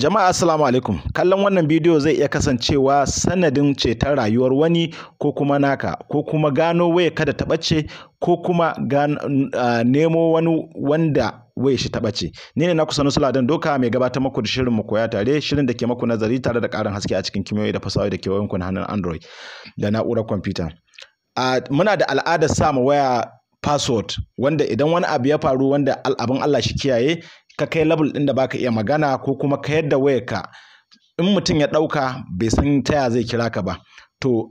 Jama'a assalamu alaikum kallon wannan bidiyo zai iya kasancewa sanadin ta rayuwar wani ko kuma naka ko kuma gano waya kada ta ɓace ko kuma nemo wani wanda waya shi ta ɓace ni ne na kusa nusula don doka mai gabatar maku da shirin mu koya tare shirin da ke maku nazari tare da ƙarin haske a cikin kimiyoyi da fasahohi da kewayen ku na hannun android da na'urar kwamfuta muna da al'adar sa ma waya password wanda idan wani abu ya faru wanda abin Allah shi kiyaye ka kai level ɗin da baka iya magana ko kuma ka yadda wayarka in mutum ya ɗauka bai san taya zai kira ka ba to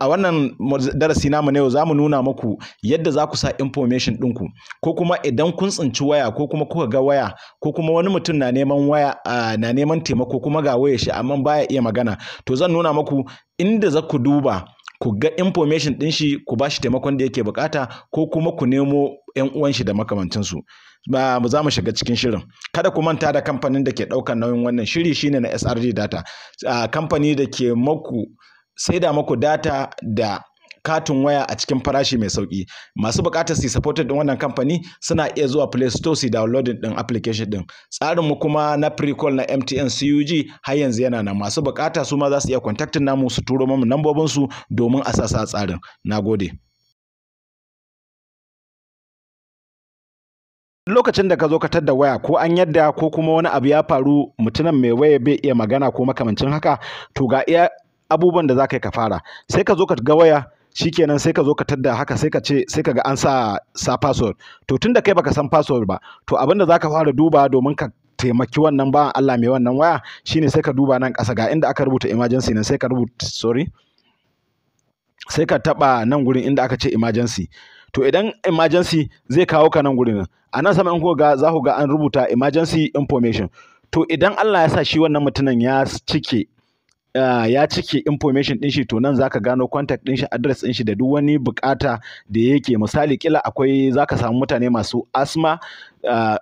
a wannan darasi namu na za mu nuna muku yadda za ku sa information ɗinku ko kuma idan kun tsinci waya ko kuma kuka ga waya ko kuma wani mutum na neman waya na neman taimako kuma ga waya shi amma baya iya magana to zan nuna muku inda za ku duba ku ga information din shi ku bashi taimakon da yake bukata ko kuma ku nemo 'yan uwan shi da makamancinsu ba za mu shiga cikin shirin kada ku manta da kamfanin da ke ɗaukan nauyin wannan shiri shine na SRD data kamfani da ke maku sai da maku data da katin waya a cikin farashi mai sauki. Masu bukatar su supported din wannan kamfani suna iya zuwa Play Store su downloading din application din. Tsarin mu kuma na pre-call na MTN CUG har yanzu yana nan. Masu bukata su ma za su iya contacting namu su turo mamu nambobin su domin a sasa tsarin. Nagode. lokacin da ka zo ka tadda waya ko an yadda ko kuma wani abu ya faru mutumin mai waya bai iya magana ko makamancin haka to ga iya abubuwan da za ka yi ka fara sai ka zo ka ga waya shikenan sai ka zo ka tadda haka sai ka ce sai ka ga an sa sa password to tunda kai baka san password ba to abin da zaka fara duba domin ka taimaki wannan ba Allah mai wannan waya shine sai ka duba nan kasa ga inda aka rubuta emergency nan sai ka rubuta sorry sai ka taba nan gurin inda aka ce emergency to idan emergency zai kawo ka nan gurin a nan sama in ko ga za ku ga an rubuta emergency information to idan Allah ya sa shi wannan mutumin ya cike Ah, ya cike information din shi to nan zaka gano contact din shi address din shi da duk wani bukata da yake misali kila akwai zaka samu mutane masu asma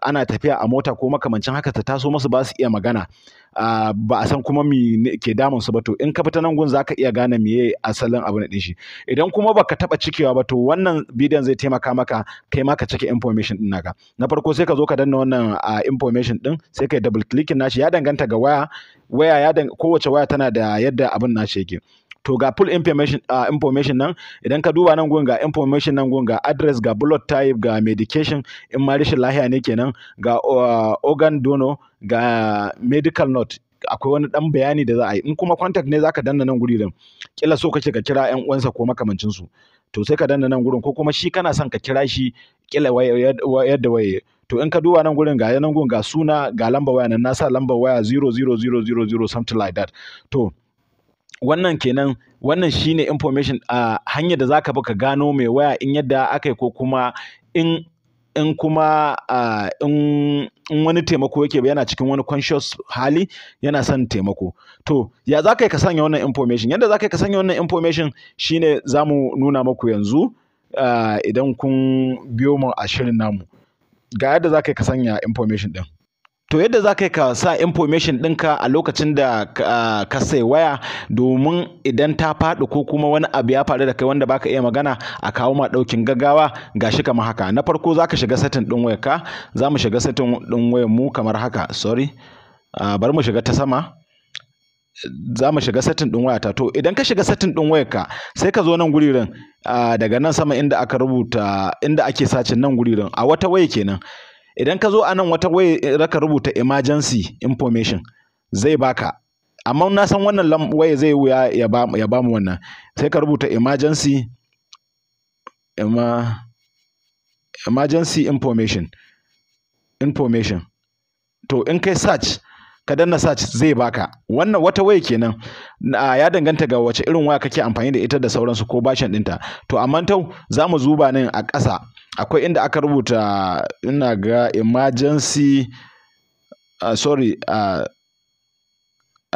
ana tafiya a mota ko makamancin haka ta taso masu ba su iya magana ba a san kuma me ke damun su ba to in ka fita nan gun ka iya gane meye asalin abin din shi idan kuma baka taba cikewa ba to wannan bidiyon zai taimaka maka kai ma ka cike information din naka na farko sai ka zo ka danna wannan information din sai ka double clicking nashi ya danganta ga waya waya ya kowace waya tana da yadda abin nashi yake to ga full information uh, information nan idan ka duba nan gun ga information nan gun ga address ga blood type ga medication in ma rashin lahiya ne kenan ga uh, organ donor ga medical note akwai wani dan bayani da za a yi in kuma contact ne zaka danna nan guri din kila so kace ka kira yan uwansa ko makamancin su to sai ka danna nan gurin ko kuma shi kana son ka kira shi kila yadda waye to in ka duba nan gurin ga nan gurin ga suna ga lambar waya nan na sa lambar waya 00000 something like that to wannan kenan wannan shine information a hanyar da zaka bi ka gano mai waya in yadda aka yi ko kuma in in kuma in wani taimako yake yana cikin wani conscious hali yana son taimako to ya za ka yi ka sanya wannan information yadda za ka yi ka sanya wannan information shine za mu nuna maku yanzu idan kun biyo mu a shirin namu ga yadda za ka yi ka sanya information ɗin to yadda za ka yi ka sa information ɗinka a lokacin da ka sai waya domin idan ta faɗi ko kuma wani abu ya faru da kai wanda baka iya magana a kawo ma ɗaukin gaggawa gashi kamar haka na farko za ka shiga setting ɗin waya ka za mu shiga setting ɗin wayar mu kamar haka sorry bari mu shiga ta sama za mu shiga setting ɗin wayata to idan ka shiga setting ɗin ka, sai ka zo nan guririn daga nan sama inda aka rubuta inda ake sacin nan guririn a wata waya kenan idan ka zo a nan wata wai raka rubuta emergency information zai baka amma na san wannan waya zai wuya ya ba mu wannan sai ka rubuta emergency emergency information information to in kai search ka danna search zai baka wannan wata waya kenan ya danganta ga wace irin waya kake amfani da ita da sauransu ko bashin dinta to amma tau za mu zuba nan a ƙasa akwai inda aka rubuta ina ga emergency uh, sorry uh,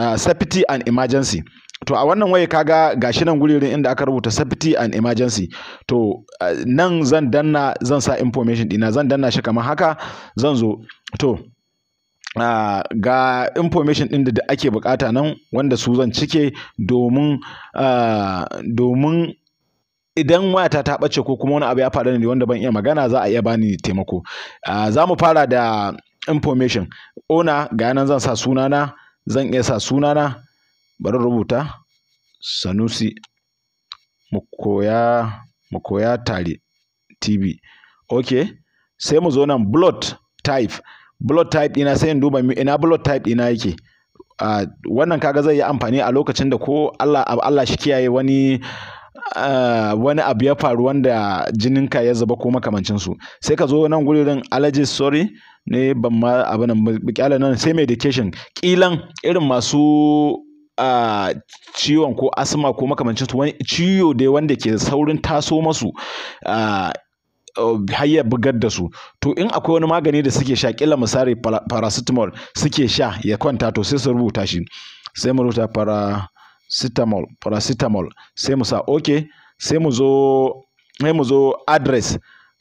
uh, safety and emergency to a wannan waye kaga gashi nan guririn inda aka rubuta safety and emergency to uh, nan zan danna zan sa information dina zan danna shi kamar haka zan zo to Uh, ga information ɗin da ake bukata nan wanda su zan cike domin uh, domin idan wayata ta ɓace ko kuma wani abu ya faru ne wanda ban iya magana za a iya bani taimako ah, za mu fara da information ona ga nan zan sa sunana zan iya sa sunana bari rubuta sanusi mu koya mu koya tare tv ok sai mu zo nan blood type blood type ina sai in duba ina blood type ina yake ah, wannan kaga zai yi amfani a lokacin da ko Allah Allah shi kiyaye wani Ah, wani abu ya faru wanda jininka ya zuba ko makamancinsu sai ka zo nan gurin allergies sorry ne ban ma abin nan kyala nan sai medication kilan irin masu a ah, ciwon ko asma ko makamancinsu wani ciwo dai wanda ke saurin taso masu ah, oh, har bugar da su to in akwai wani magani da suke sha kila misali paracetamol suke sha ya kwanta to sai su rubuta shi sai mu rubuta para paracetamol paracetamol sai mu sa okay sai mu zo sai mu zo address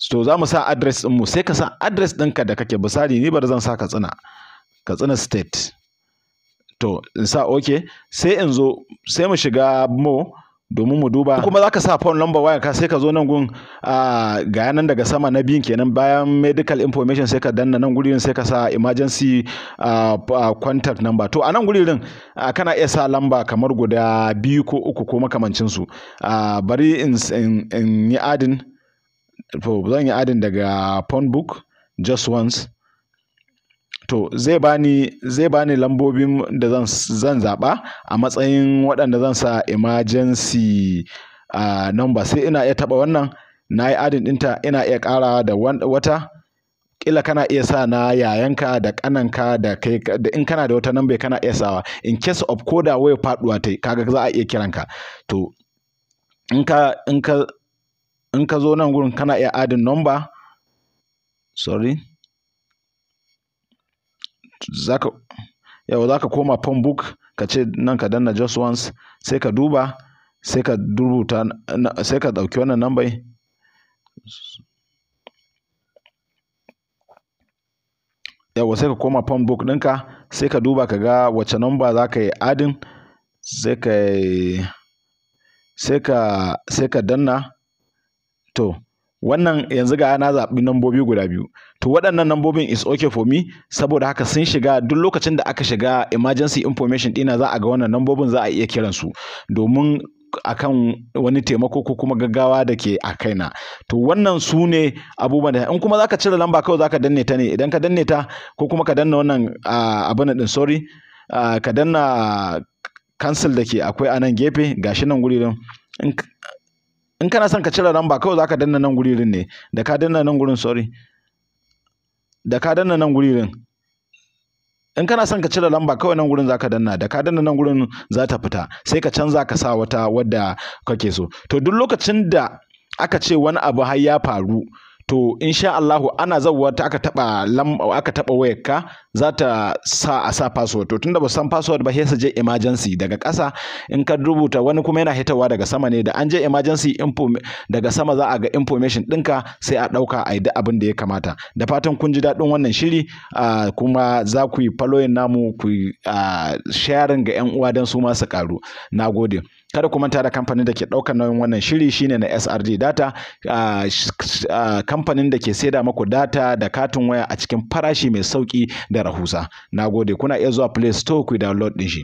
to za mu sa address mu sai ka sa address ɗinka da kake misali ni bar zan sa katsina katsina state to in sa okay sai in zo sai mu shiga mo domin mu duba kuma zaka sa phone number waya ka sai ka zo nan gun ga nan daga sama na biyun kenan bayan medical information sai ka danna nan gurin sai ka sa emergency contact number to a nan gurin kana iya sa lamba kamar guda biyu ko uku ko makamancin su bari in yi adin zan yi adin daga phone book just once to zai bani zai bani lambobin da zan zan zaɓa a matsayin waɗanda zan sa emergency uh, number sai ina iya taɓa wannan na yi adin dinta ina iya ƙara da wata kila kana iya sa na yayanka da kananka da kai da in kana da wata number kana iya sawa in case of koda da waya faduwa tai kaga za a iya kiranka to in ka in ka in ka zo nan gurin kana iya adin number sorry zaka yawa zaka koma phone book ka ce nan ka danna just once sai ka duba sai ka rubuta sai ka dauki wannan number yau sai ka koma phone book dinka sai ka duba ka ga wace number za ka yi adin sai ka sai ka sai ka danna to wannan yanzu ga na zaɓi nambobi guda biyu to waɗannan nambobin is okay for me saboda haka sun shiga duk lokacin da aka shiga emergency information ɗina za a ga wannan nambobin za a iya kiransu domin akan wani taimako ko kuma gaggawa da ke a kaina to wannan su ne abubuwan da in kuma zaka cire lamba kawai zaka danne ta ne idan ka danne ta ko kuma ka danna wannan abin din sorry ka danna cancel da ke akwai a nan gefe gashi nan guri din in kana son ka cire lamba kawai zaka danna nan guririn ne da ka danna nan gurin sorry da ka danna nan guririn in kana son ka cire lamba kawai nan gurin zaka danna da ka danna nan gurin za ta fita sai ka canza ka sa wata wadda kake so to duk lokacin da aka ce wani abu har ya faru to insha Allahu ana zawwa ta aka taba aka taba wayarka za ta sa a sa password to tunda ba san password ba sai je emergency daga ƙasa in ka rubuta wani kuma yana hitawa daga sama ne da an je emergency info daga sama za a ga information dinka sai a ɗauka a yi abin da ya kamata da fatan kun ji daɗin wannan shiri kuma za ku yi following namu ku sharing ga 'yan uwa dan su ma su karu na gode kada ku manta da kamfanin da ke ɗaukar nauyin wannan shiri shine na SRD data kamfanin da ke saida maku data da katin waya a cikin farashi mai sauki da rahusa nagode kuna iya zuwa Play Store ku download din shi